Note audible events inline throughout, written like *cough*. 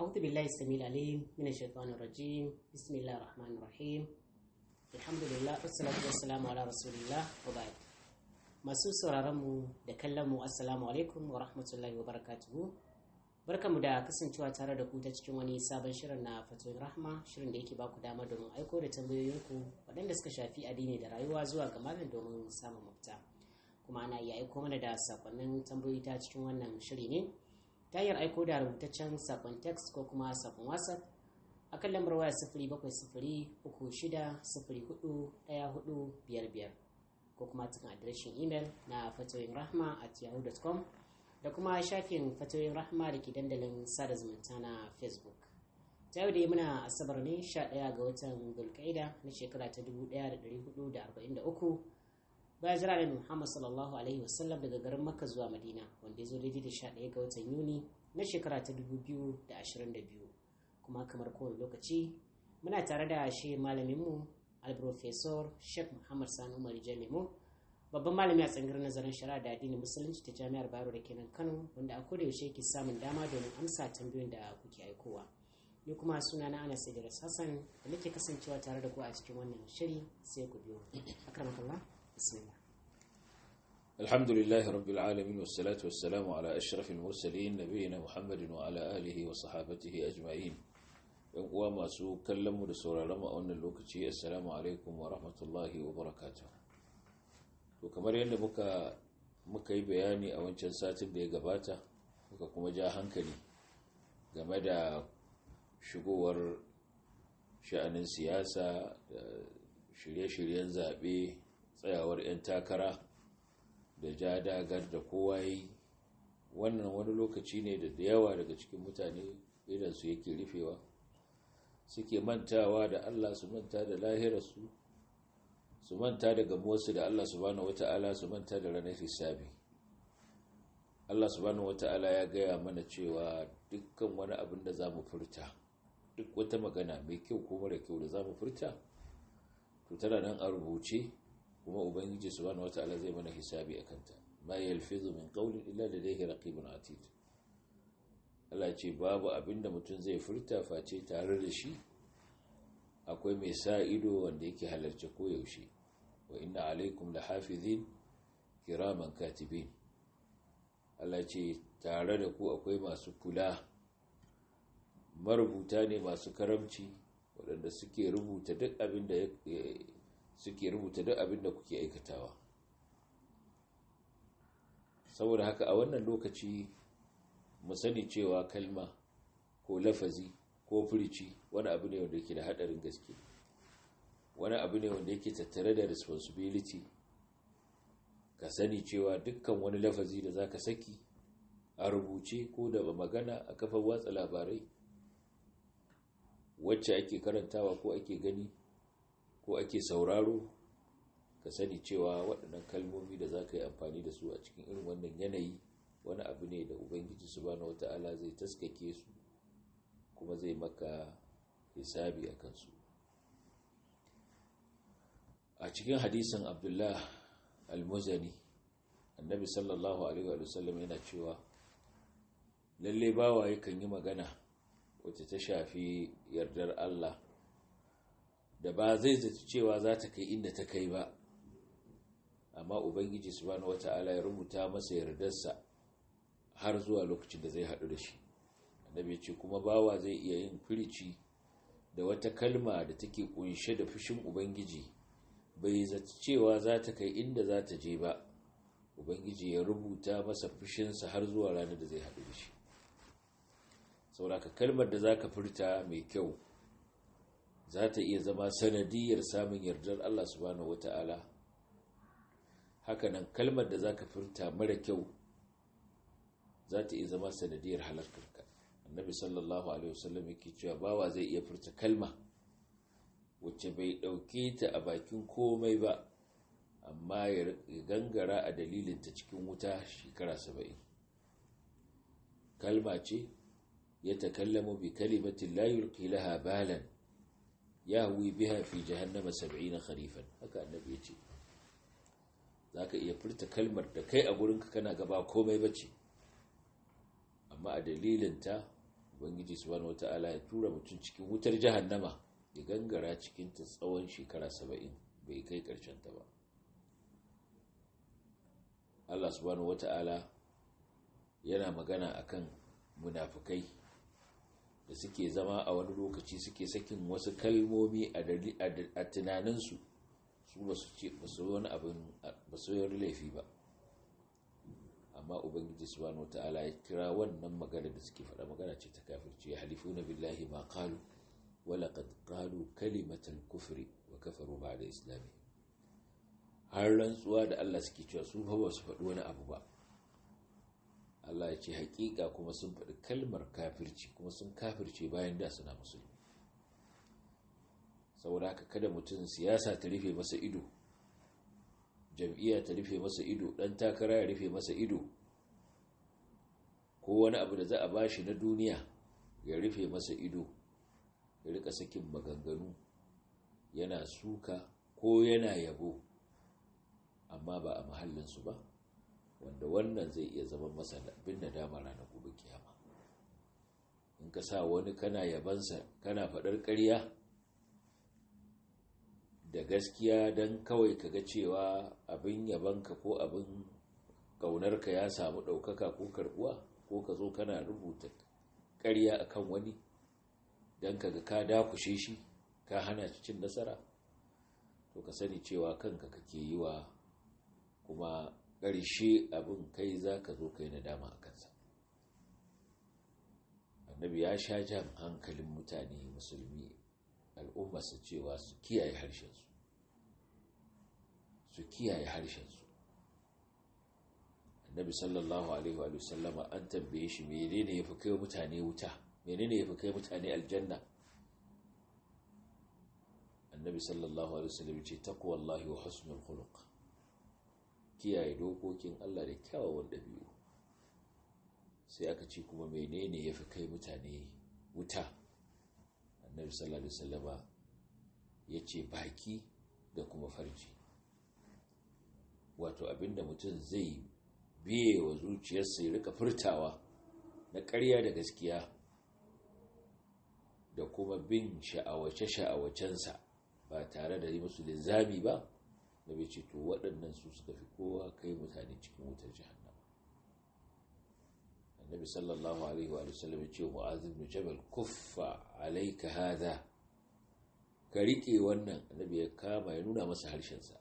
أعوذ بالله السميع العليم من الشيطان الرجيم بسم الله الرحمن الرحيم الحمد لله والصلاة والسلام على رسول الله وبعد masu sauraronmu da kallonmu assalamu alaikum wa rahmatullahi wa barakatuhu barkamu da kasancewa tare da ku ta cikin wani sabon shirin na fatoyin rahma shirin da yake baku dama domin aiko da tambayoyinku waɗanda suka shafi addini da rayuwa zuwa ga malam domin samun mafita kuma ana iya aiko mana da sakonnin tambayoyi ta cikin wannan shiri ne ta hanyar aiko da rubutaccen sakon text ko kuma sakon whatsapp a kan lambar waya sifiri bakwai sifiri uku shida sifiri hudu daya hudu biyar biyar ko kuma cikin adireshin imel na fatoyin rahma at yahoo.com da kuma shafin fatoyin rahma da ke dandalin sada zumunta na facebook ta yau dai muna asabar ne 11 ga watan dulkaida na shekara ta uku. bayan jira da Muhammad sallallahu alaihi wasallam daga garin Makka zuwa Madina wanda ya zo daidai da 11 ga watan Yuni na shekara ta da biyu kuma kamar kowane lokaci muna tare da shi malaminmu al-professor Sheikh Muhammad Sani Umar Jami'u babban malami a tsangar nazarin shari'a da addinin musulunci ta jami'ar Bayero da kenan Kano wanda a koda yaushe yake samun dama domin amsa tambayoyin da kuke aikowa ni kuma suna na Anas Idris Hassan da nake kasancewa tare da ku a cikin wannan shiri sai ku biyo akramakallah الحمد لله رب العالمين والصلاة والسلام على أشرف المرسلين نبينا محمد وعلى آله وصحابته أجمعين يقوى ما سوء كلمه لسورة لما أن اللوكتي السلام عليكم ورحمة الله وبركاته وكما رأينا بك مكي بياني أو انشان ساتب دي قباتا وكما جاء هنكلي كما دا شقور sha'anin siyasa da shirye-shiryen zaɓe tsayawar 'yan takara da ja dagar da kowa yi wannan wani lokaci ne da da yawa daga cikin mutane irinsu yake rufewa suke mantawa da allah su manta da lahirarsu su manta da gamuwarsu da allah subhanahu wata'ala su manta da ranar hisabi allah subhanahu wata'ala ya gaya mana cewa dukkan wani abin da za mu furta duk wata magana mai kyau ko mara kyau da za mu furta to tana nan a rubuce kuma ubangiji Wata Ala zai mana hisabi a ta ma yalfizu min qawlin illa ladayhi raqibun atid Allah ce babu abinda mutum zai furta face tare da shi akwai mai sa ido wanda yake halarci koyaushe wa inna alaikum lahafizin kiraman katibin Allah ce tare da ku akwai masu kula marubuta ne masu karamci waɗanda suke rubuta duk abin da suke rubuta duk abin da kuke aikatawa saboda haka a wannan lokaci mu sani cewa kalma ko lafazi ko furici wani abu ne wanda yake da hadarin gaske wani abu ne wanda yake tattare da responsibility ka sani cewa dukkan wani lafazi da za ka saki a rubuce ko da magana a kafar watsa labarai wacce ake karantawa ko ake gani ko ake sauraro ka sani cewa waɗannan kalmomi da za ka yi amfani da su a cikin irin wannan yanayi wani abu ne da ubangiji su ba wata wata'ala zai taskake su kuma zai maka hisabi a kansu a cikin hadisin abdullah al-muzani annabi sallallahu alaihi wa sallam yana cewa lalle bawa kan yi magana wacce ta shafi yardar Allah da ba zai zata cewa za ta kai inda ta kai ba amma ubangiji wata wata'ala ya rubuta masa yardarsa har zuwa lokacin da zai haɗu da shi annabi ce kuma bawa zai iya yin firici da wata kalma da take kunshe da fushin ubangiji bai zata cewa za ta kai inda za ta je ba ubangiji ya rubuta masa fushinsa har zuwa ranar da zai haɗu da shi sauraka kalmar da za ka furta mai kyau za ta iya zama sanadiyar samun yardar Allah subhanahu wata'ala hakanan kalmar da za ka furta mara kyau za ta iya zama sanadiyar halarkarka annabi sallallahu alaihi wasallam yake cewa bawa zai iya furta kalma wacce bai ɗauke ta a bakin komai ba amma ya gangara a dalilinta cikin wuta shekara saba'in kalma ce ya takallamu bi kalimatin la yulqi laha balan yahwi biha fi jahannama na kharifan haka annabi yace ka iya furta kalmar da kai a gurinka kana gaba komai bace amma a dalilin ta ubangiji subhanahu wataala ya tura mutum cikin wutar jahannama ya gangara cikin ta tsawon shekara 70 bai kai karshen ta ba Allah subhanahu wataala yana magana akan munafikai da suke zama a wani lokaci suke sakin wasu kalmomi a tunaninsu su ba su ce ba su wani abin ba su yi laifi ba amma ubangiji su subhanahu wataala ya kira wannan magana da suke faɗa magana ce ta kafirci ya na billahi ma kalu wala laqad qalu kalimatal kufri wa kafaru da islami har rantsuwa da Allah suke cewa su ba su faɗi wani abu ba Allah ya ce haƙiƙa kuma sun faɗi kalmar kafirci kuma sun kafirce bayan da suna musulmi saboda haka kada mutum siyasa ta rufe masa ido jam'iyya ta rufe masa ido ɗan takara ya rufe masa ido ko wani abu da za a ba shi na duniya ya rufe masa ido ya rika sakin maganganu yana suka ko yana yabo amma ba a mahallinsu ba wanda wannan zai iya zama masa bin dama ranar gobe kiyama in ka sa wani kana yabansa kana faɗar ƙarya da gaskiya don kawai ka ga cewa abin yabanka ko abin ƙaunarka ya samu ɗaukaka ko karbuwa, ko ka zo kana rubuta ƙarya a kan wani don ka ga ka dakushe shi ka hana shi cin nasara to ka sani cewa kanka kake yi wa kuma ƙarshe abin kai za ka zo kai nadama a kansa annabi ya sha jan hankalin mutane musulmi al'ummarsa cewa su kiyaye harshensu su kiyaye harshensu annabi sallallahu alaihi wa sallama an tambaye shi menene ya fi kai mutane wuta menene ya fi kai mutane aljanna annabi sallallahu alaihi wa sallam ce taqwallahi wa husnul khuluq kiyaye dokokin Allah da kyawawan ɗabi'u sai aka ce kuma menene ya fi kai mutane wuta annabi sallallahu alaihi wasallama ya baki da kuma farji wato abinda mutum zai biye wa zuciyarsa ya rika furtawa na ƙarya da gaskiya da kuma bin sha'awace-sha'awacensa ba tare da yi musu linzami ba nabi ce to waɗannan su suka fi kowa kai mutane cikin wutar jahannama annabi sallallahu alaihi wa sallam ya ce mu'adh bin jabal kuffa alayka hadha ka rike wannan annabi ya kama ya nuna masa harshen sa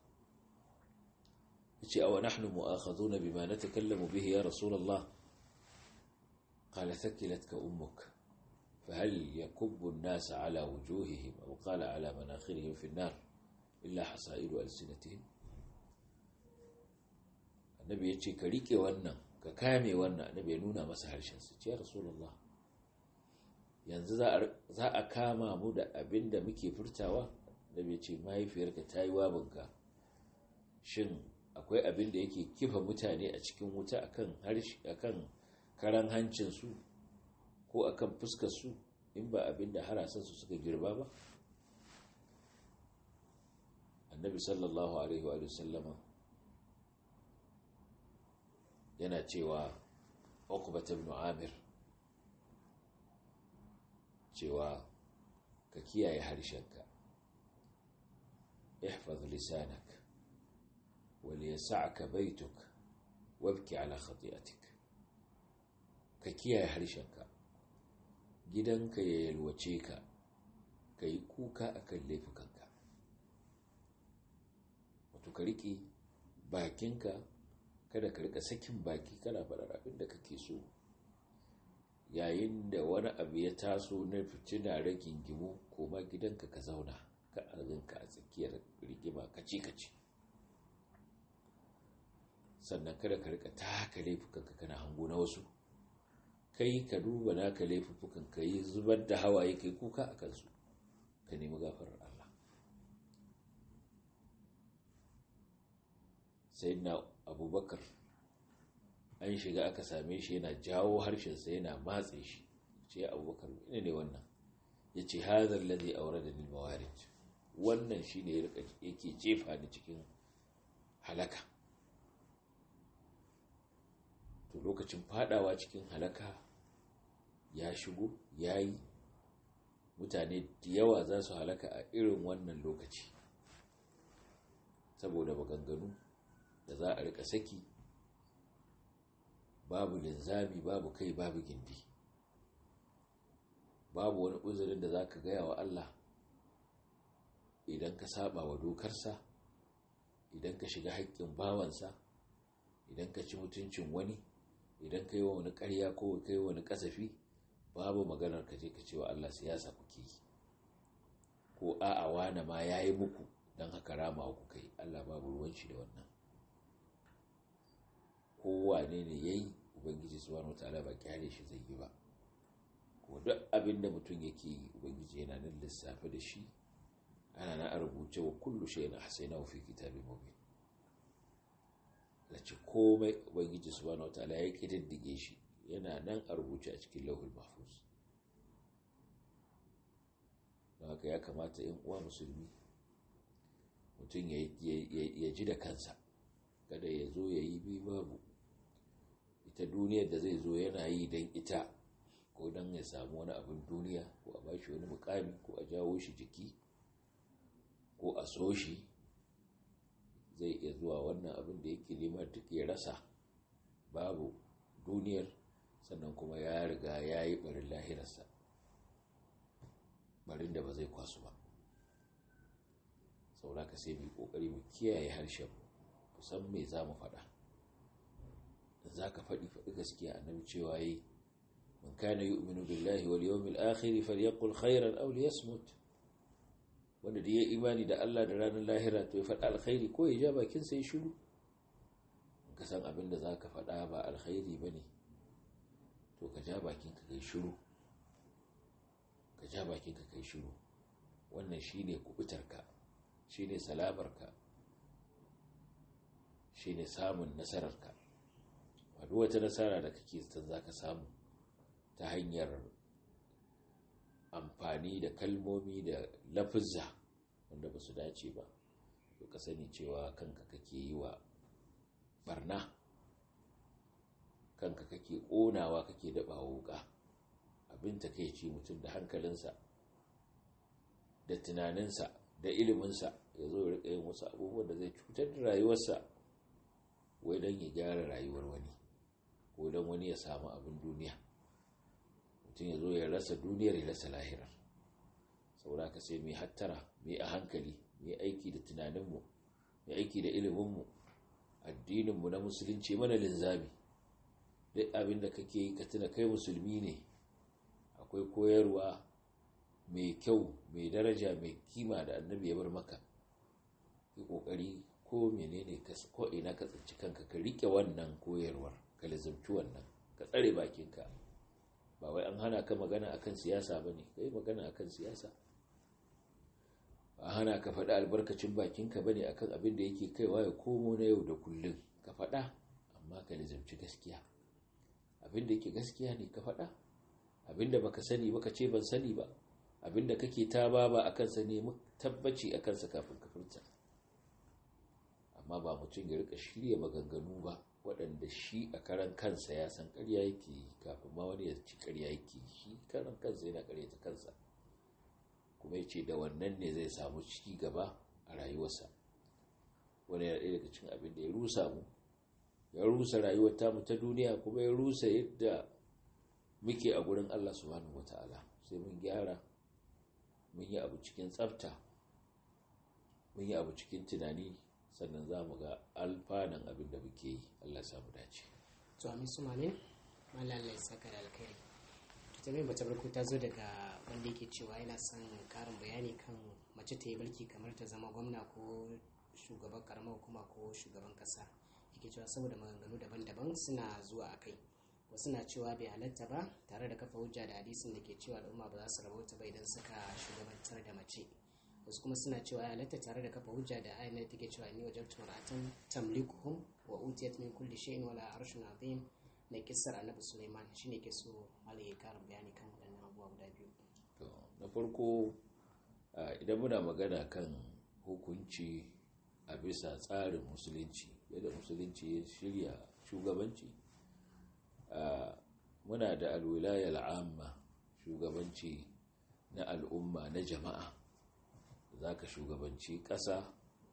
yace aw nahnu mu'akhadhuna bima natakallamu bihi ya rasulullah qala thaqilatka ummuk فهل يكب الناس على وجوههم أو قال على مناخرهم في النار illa hasairu alsinatihim annabi ya ce ka rike wannan ka kame wannan annabi ya nuna masa harshen su yanzu za a kama mu da abin da muke furtawa annabi ya ce mahaifiyarka ta yi wabinka shin akwai abin da yake kifa mutane a cikin wuta akan karan hancin su ko akan fuskar su in ba abin da harasansu suka girba ba النبي صلى الله عليه وآله وسلم يناتي عقبة بن عامر جوا ككيا يا شك احفظ لسانك وليسعك بيتك وابكي على خطيئتك ككيا يا شك جدا كي يلوشيك كي كوكا أكل لفكك to ka riƙe bakinka kada ka riƙa sakin baki kana faɗar abin da kake so yayin da wani abu ya taso na fitina rigingimu koma gidanka ka zauna ka arzinka a tsakiyar rigima kaci kaci sannan kada ka riƙa taka laifukanka kana hango na wasu kai ka duba naka laifukan ka yi zubar da hawaye kai kuka a kansu ka nemi gafarar sayyidina abubakar an shiga aka same shi yana jawo harshen harshensa yana matse shi ce abubakar ne ne wannan ya ce hazar lazi aure da nilmawarit wannan shi ne yake jefa ni cikin halaka to lokacin fadawa cikin halaka ya shigo ya yi mutane da yawa za su halaka a irin wannan lokaci saboda maganganu da za a rika saki babu linzami babu kai babu gindi babu wani uzurin da za ka gaya wa Allah idan ka saba wa dokarsa idan ka shiga haƙƙin bawansa idan ka ci mutuncin wani idan ka yi wa wani ƙarya ko ka yi wani ƙasafi babu maganar ka je ka ce wa Allah siyasa kuke yi ko a'a wane ma ya yi muku don haka rama ku kai Allah babu ruwan shi da wannan ko wane ne yi ubangiji subhanahu wataala ba kyale shi zai yi ba kuma duk abin da mutum yake yi ubangiji yana nan lissafi da shi ana na rubuce wa kullu shay'in wafi kita bi mubin lace komai ubangiji subhanahu wataala ya kididdige shi yana nan a rubuce a cikin lauhul mahfuz don haka ya kamata in uwa musulmi mutum ya ji da kansa kada ya zo ya yi bi babu ita duniyar da zai zo yana yi don ita ko don ya samu wani abin duniya ko a bashi wani mukami ko a jawo shi jiki ko a so shi zai iya zuwa wannan abin da yake nema duk ya rasa babu duniyar sannan kuma ya riga ya yi barin lahirarsa barin da ba zai kwasu ba sauraka sai mai kokari mu kiyaye harshen mu san me za mu faɗa za ka faɗi faɗi gaskiya annabi cewa yi man kana yu'minu billahi wal yawmil akhir falyaqul Aure ya liyasmut wanda da ya imani da Allah da ranar lahira to ya faɗa alkhairi ko ya ja bakin ya shiru ka san abin da za ka faɗa ba alkhairi ba ne to ka ja bakin ka kai shiru ka ja bakin ka kai shiru wannan shi ne kubutarka shi ne salamarka shi ne samun nasararka ba duk wata nasara da kake zaton za ka samu ta hanyar amfani da kalmomi da lafizza wanda ba su dace ba to ka sani cewa kanka kake yi wa barna kanka kake ƙonawa kake daɓa wuƙa abin ta kai ci mutum da hankalinsa da tunaninsa da iliminsa ya zo ya yin wasu abubuwan da zai cutar da rayuwarsa wai don ya gyara rayuwar wani ko don wani ya samu abin duniya mutum ya zo ya rasa duniyar ya rasa lahirar Sa'ura ka sai mai hattara mai a hankali mai aiki da tunaninmu mai aiki da iliminmu addininmu na musulunci mana linzami duk abin da kake yi ka tuna kai musulmi ne akwai koyarwa mai kyau mai daraja mai kima da annabi ya bar maka ki kokari ko menene ko ina ka tsinci kanka ka rike wannan koyarwar ka lazimci wannan ka tsare bakinka ba wai an hana ka magana akan siyasa ba ne ka yi magana akan siyasa ba hana ka faɗa albarkacin bakinka ba ne akan abin da yake kaiwa ya komo na yau da kullum ka faɗa amma ka lazimci gaskiya abin da yake gaskiya ne ka faɗa abin da baka sani baka ce ban sani ba abin da kake ta ba ba a kansa ne tabbaci a kansa kafin ka furta amma ba mutum ya rika shirya maganganu ba waɗanda shi a karan kansa ya san ƙarya yake yi kafin ma wani ya ci ƙarya yake shi karan kansa yana ƙaryata kansa kuma ya ce da wannan ne zai samu ciki gaba a rayuwarsa wani ya ɗaya daga cikin abin da ya rusa mu ya rusa rayuwar tamu ta duniya kuma ya rusa yadda muke a gurin Allah subhanahu wata'ala sai mun gyara mun yi abu cikin tsafta mun yi abu cikin tunani sannan za mu ga alfanan abin da muke yi Allah sa mu dace to a misu mamin malalla saka da alkhairi to tambayar mace barko ta zo daga wanda yake cewa yana son karin bayani kan mace ta yi mulki kamar ta zama gwamna ko shugaban karamar hukuma ko shugaban kasa yake cewa saboda maganganu daban-daban suna zuwa a kai wasu na cewa bai halatta ba tare da kafa hujja da hadisin da ke cewa al'umma ba za su rabauta ba idan suka shugabantar da mace wasu kuma suna cewa ya latta tare da kafa hujja da ayyana take cewa ni wajen tumuratan tamlikuhum wa utiyat min kulli shay'in wala arshun azim na kissar annabi suleiman shine ke so malai ya karin bayani kan wannan abuwa guda biyu na farko idan muna magana kan hukunci a bisa tsarin musulunci yadda musulunci ya shirya shugabanci muna da alwilayar amma shugabanci na al'umma na jama'a za ka shugabanci ƙasa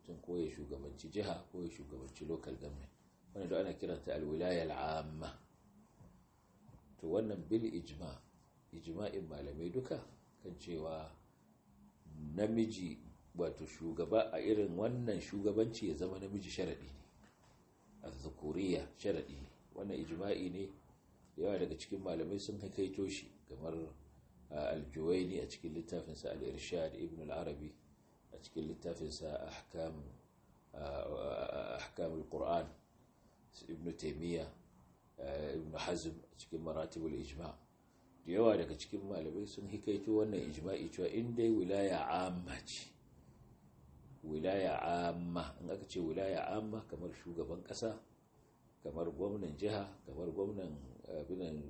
tun ko ya shugabanci jiha ko ya shugabanci lokal government wani da ana kiranta alwilaya al'amma to wannan bil ijma ijma'in malamai duka kan cewa namiji wato shugaba a irin wannan shugabanci ya zama namiji sharaɗi ne a zakuriya sharaɗi ne wannan ijma'i ne yawa daga cikin malamai sun kai toshi kamar ah, ne a cikin littafinsa al-irshad ibn al-arabi cikin littafinsa al qur'an ibn taymiya ibn hazm cikin maratibul ijma da yawa daga cikin malamai sun hikaito wannan ijma'i cewa in dai wilaya amma ce wilaya amma in aka ce wilaya amma kamar shugaban kasa kamar gwamnan jiha kamar gwamnan abinan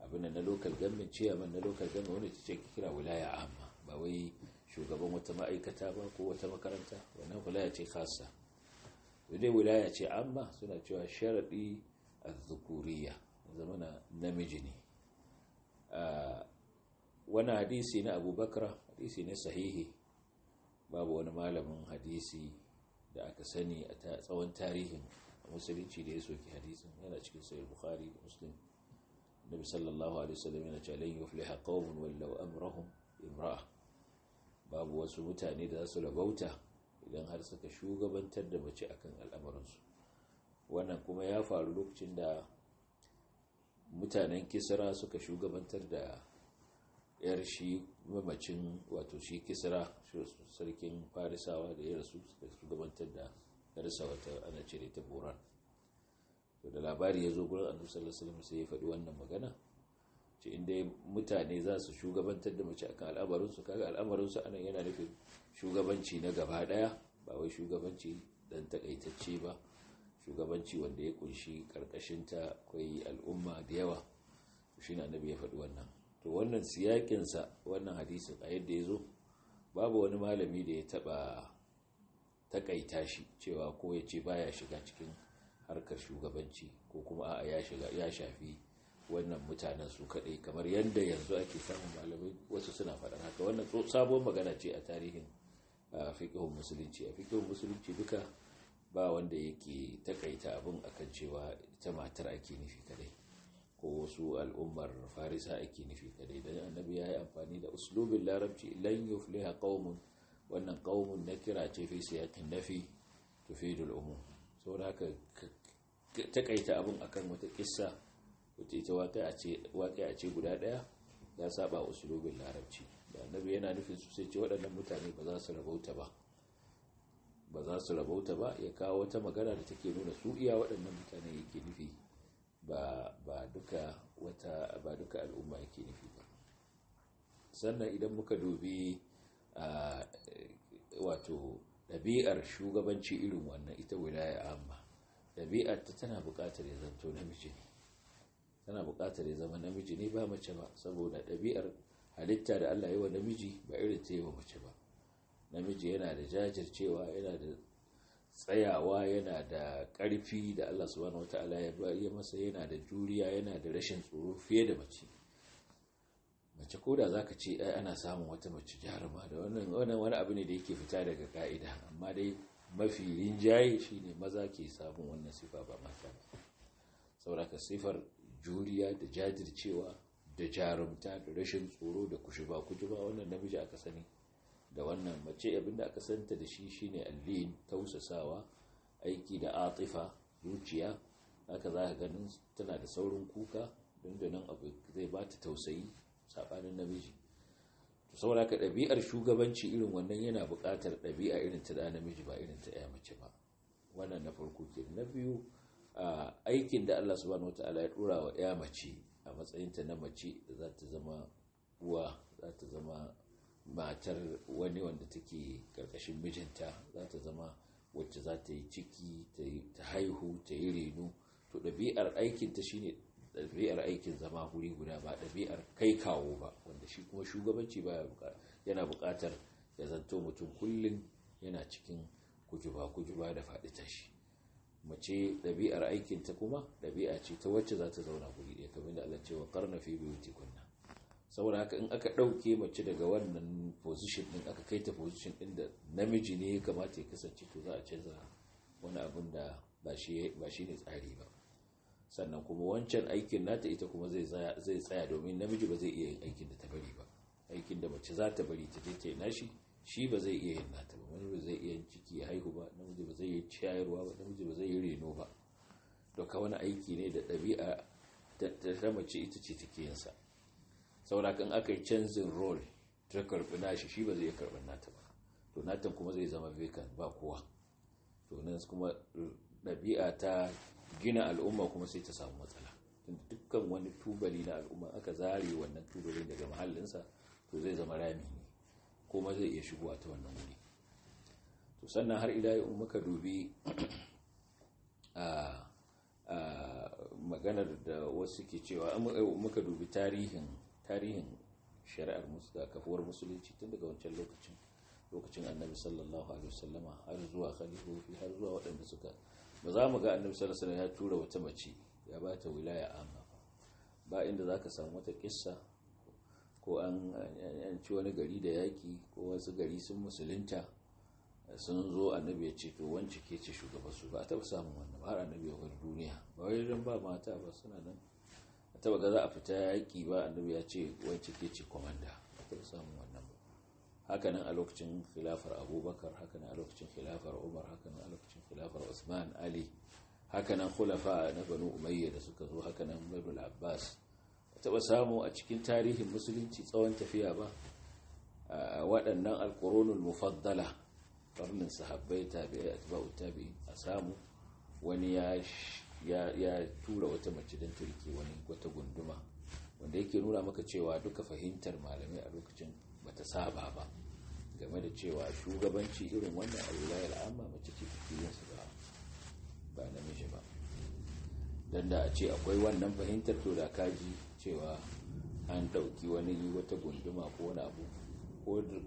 abinan na local government chairman na local government wanda ce kira wilaya amma ba wai shugaban wata ma'aikata ba ko wata makaranta wannan wilaya ce khassa dai wilaya ce amma suna cewa sharadi az-zukuriyya zamana namiji ne Wani hadisi na abubakra hadisi ne sahihi babu wani malamin hadisi da aka sani a tsawon tarihin musulunci da ya soki hadisin yana cikin sayar bukhari da muslim nabi sallallahu alaihi wasallam yana cewa lan yufliha qaumun wallaw amrahum imra'a babu wasu mutane da za su rabauta idan har suka shugabantar da mace akan al'amuransu, wannan kuma ya faru lokacin da mutanen kisra suka shugabantar da yar shi mamacin wato shi kisra sarkin farisawa da ya rasu suka shugabantar da yarsa wata ana cire ta buran to da labari ya zo gurin annabi sallallahu alaihi wasallam sai ya faɗi wannan magana ce inda mutane za su shugabantar da mace akan al'amarinsu kaga al'amarinsu anan yana nufin shugabanci na gaba daya ba wai shugabanci dan takaitacce ba shugabanci wanda ya kunshi karkashinta akwai al'umma da yawa shi na annabi ya faɗi wannan to wannan siyakinsa wannan hadisin a yadda ya zo babu wani malami da ya taɓa takaita shi cewa ko ya ce baya shiga cikin harkar shugabanci ko kuma a'a ya shafi wannan mutanen su kaɗai kamar yadda yanzu ake samun malamai wasu suna faɗin haka wannan sabuwar magana ce a tarihin fiƙihun musulunci a fiƙihun musulunci duka ba wanda yake takaita abin kan cewa ta matar ake nufi kaɗai ko wasu al'ummar farisa ake nufi kaɗai don annabi ya yi amfani da uslubin larabci lan yufliha qaumun wannan qaumun na kira ce fi siyaqin nafi tufidul umum saboda haka takaita abin akan wata kissa ce ita waƙe a ce guda ɗaya ya saba wa usulubin larabci da annabi yana nufin su sai ce waɗannan mutane ba za su rabauta ba ba za su rabauta ba ya kawo wata magana da take nuna su iya waɗannan mutane yake nufi ba duka al'umma yake nufi ba sannan idan muka dubi wato ɗabi'ar shugabanci irin wannan ita wilaya amma ɗabi'ar ta tana buƙatar ya zanto namiji yana buƙatar ya zama namiji ne ba mace ba saboda ɗabi'ar halitta da Allah yi wa namiji ba irin ta yi wa mace ba namiji yana da jajircewa yana da tsayawa yana da ƙarfi da Allah subhanahu wata'ala ya bari masa yana da juriya yana da rashin tsoro fiye da mace mace ko da zaka ce ai ana samun wata mace jaruma da wannan wani abu ne da yake fita daga ka'ida amma dai mafi rinjaye shine maza ke samun wannan sifa ba mata ba saboda sifar juriya da jajircewa da jarumta da rashin tsoro da kushuba kujuba wannan namiji aka sani da wannan mace abinda aka santa da shi shine allin tausasawa aiki da atifa zuciya haka za ka ganin tana da saurin kuka dandanan abu zai ba ta tausayi saɓanin namiji saboda ka ɗabi'ar shugabanci irin wannan yana buƙatar ɗabi'a irin ta da namiji ba irin ta ya mace ba wannan na farko ke na biyu aikin da Allah subhanahu wataala ya dora wa ya mace a matsayinta na mace za ta zama uwa za ta zama matar wani wanda take karkashin mijinta za ta zama wacce za ta yi ciki ta haihu ta yi reno to ɗabi'ar aikin ta shine ɗabi'ar aikin zama huri guda ba ɗabi'ar kai kawo ba wanda shi kuma shugabanci ba yana buƙatar ya zanto mutum kullum yana cikin kujuba kujuba da faɗi tashi mace ɗabi'ar aikinta kuma ɗabi'a ce ta wacce za ta zauna guri ɗaya kamar da Allah cewa karna fi biyuti kunna saboda haka in aka ɗauke mace daga wannan position din aka kai ta position ɗin da namiji ne ya kamata ya kasance to za a canza wani abin da ba shi ne tsari ba sannan kuma wancan aikin nata ita kuma zai tsaya domin namiji ba zai iya yin aikin da ta bari ba aikin da mace za ta bari ta je ta yi nashi shi ba zai iya yin nata ba namiji ba zai iya ciki ya haihu ba namiji ba zai iya ciyarwa ba namiji ba zai yi reno ba doka wani aiki ne da ɗabi'a ta mace ita ce take yin sa kan aka yi canzin rol ta karɓi nashi shi ba zai iya karɓi nata ba to natan kuma zai zama bekan ba kowa to nan kuma ɗabi'a ta gina al'umma kuma sai ta samu matsala dukkan wani tubali na al'umma aka zare wannan tubalin daga mahallinsa to zai zama rami ne kuma zai iya shigo ta wannan wuri to sannan har ila in muka dubi *clears throat* a maganar da wasu ke cewa muka dubi tarihin tarihin shari'ar kafuwar musulunci tun daga wancan lokacin lokacin annabi sallallahu alaihi wasallama har zuwa khalifofi har zuwa waɗanda suka ba za mu ga annabi sallallahu alaihi wasallama ya tura wata mace ya ba ta wilaya amma ba inda zaka samu wata kissa ko an ci wani gari da yaki ko wasu gari sun musulunta sun zo annabi ya ce to wance ke ce shugaban su ba a taba samun wannan har annabi ya bar duniya ba wai ran ba mata ba suna nan a taɓa ga za a fita yaki ba annabi ya ce wance ke ce komanda ba taba samun wannan ba haka nan a lokacin khilafar abubakar haka nan a lokacin khilafar umar haka nan a lokacin khilafar usman ali haka nan khulafa na banu umayya da suka zo haka nan abbas taɓa samu a cikin tarihin musulunci tsawon tafiya ba a waɗannan alkoronul mufaddala ƙarnin sahabbai tabi'ai atba'u a samu wani ya tura wata mace don turki wani wata gunduma wanda yake nuna maka cewa duka fahimtar malamai a lokacin bata saba ba game da cewa shugabanci irin wannan alwilayar amma mace ce su ba ba namiji ba don da a ce akwai wannan fahimtar to da kaji cewa an dauki wani wata gunduma ko wani abu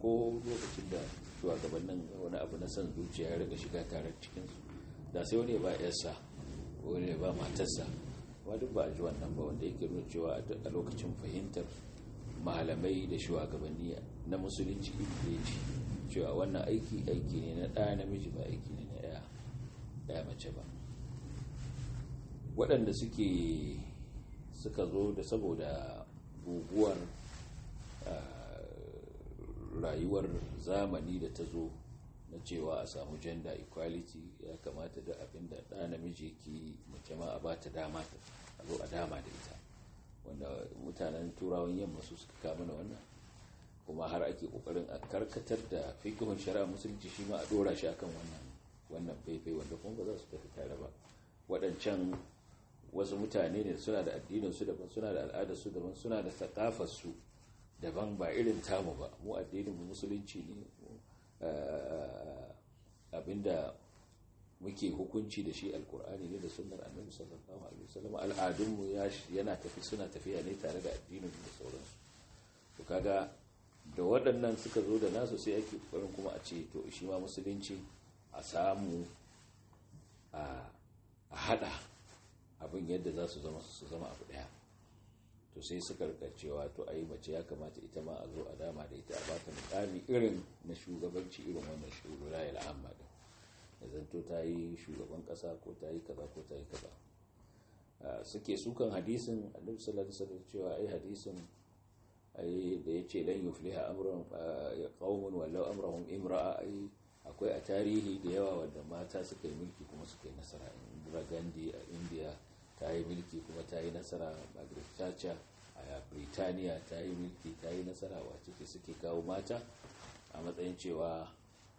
ko lokacin da shugabannin wani abu na san zuciya ya rika shiga tare su da sai wani ba yarsa wani ba matarsa ba duk ba ji wannan ba wanda yake nuna cewa a lokacin fahimtar malamai da shugabanni na musulunci da ya cewa wannan aiki aiki ne na ɗaya namiji ba aiki ne na ɗaya mace ba waɗanda suke suka zo da saboda guguwar ah, rayuwar zamani da ta zo na cewa a samu gender equality ya kamata da abin da ɗa namiji ke mace ma a ba ta dama ta a zo a dama da ita wanda mutanen turawan yamma su suka kama na wannan kuma har ake kokarin a karkatar da fikihun shari'a musulunci shi ma a dora shi akan wannan wannan faifai wanda kuma ba za su tafi tare ba waɗancan wasu mutane ne suna da addininsu daban suna da al'adarsu daban suna da su daban ba irin tamu ba mu addinin mu musulunci ne eh, abinda muke hukunci da shi alkur'ani ne da sunnar annabi sallallahu alaihi wasallam al'adunmu yana tafi suna tafiya ne tare da addinin da sauransu to kaga da waɗannan suka zo da nasu sai ake kokarin kuma a ce to shi ma musulunci a samu a hada abin yadda za su zama su zama abu daya to sai suka rika cewa to ai mace ya kamata ita ma a zo a dama da ita a bata mukami irin na shugabanci irin wannan shugura ya la'amma da zan zanto ta yi shugaban kasa ko ta yi kaza ko ta yi kaza suke sukan hadisin annabi sallallahu alaihi wasallam cewa ai hadisin ai da yace lan yufliha amrun qaumun wallau imra imra'a ai akwai a tarihi da yawa wanda mata suka yi mulki kuma suka yi nasara in Gandhi a India ta yi mulki kuma ta yi nasara margaret thatcher a birtaniya ta yi mulki ta yi nasara wacce ce suke kawo mata a matsayin cewa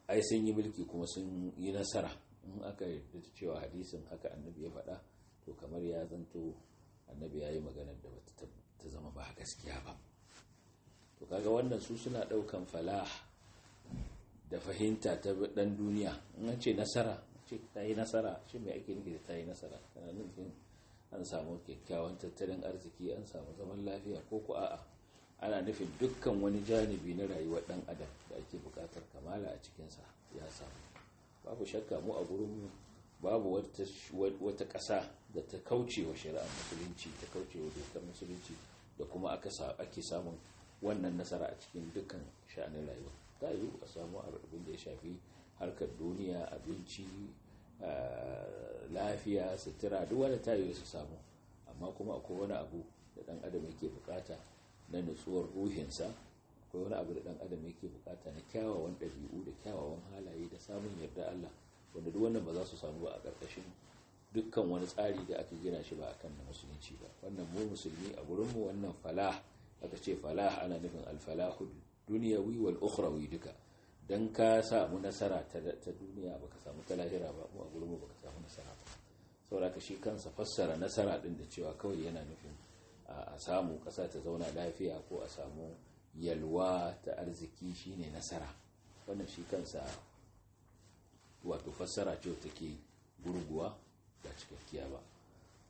ai sun yi mulki kuma sun yi nasara in aka yarda cewa hadisin haka annabi ya faɗa to kamar ya zanto annabi ya yi maganar da bata ta zama ba gaskiya ba to kaga wannan su suna ɗaukan falah da fahimta ta ɗan duniya in an ce nasara ce ta yi nasara shi mai ake nufi da ta yi nasara tana an samu kyakkyawan tattalin arziki an samu zaman lafiya ko ku a'a ana nufin dukkan wani janibi na rayuwar dan adam da ake buƙatar kamala a cikinsa ya samu babu shakka mu a gurin babu wata ƙasa da ta kauce wa shari'ar musulunci ta kauce wa dokar musulunci da kuma ake samun wannan nasara a cikin dukkan sha'anin rayuwa ta yiwu a samu abin da ya shafi harkar duniya abinci Eh, lafiya sutura duk wani tayo su samu amma kuma akwai wani abu da dan adam yake bukata na nutsuwar ruhinsa akwai wani abu da dan adam yake bukata na kyawawan ɗabi'u da kyawawan halaye da samun yarda Allah wanda duk wannan ba za su samu ba a ƙarƙashin dukkan wani tsari da aka gina shi ba akan na musulunci ba wannan mu musulmi a gurin mu wannan falah aka ce falah ana nufin alfalahu duniyawi wal ukhrawi duka don ka samu nasara ta duniya baka samu ta lahira ba ko a baka samu nasara ba saboda ka shi kansa fassara nasara din da cewa kawai yana nufin a samu kasa ta zauna lafiya ko a samu yalwa ta arziki shine nasara wannan shi kansa wato fassara ce take gurguwa ga cikakkiya ba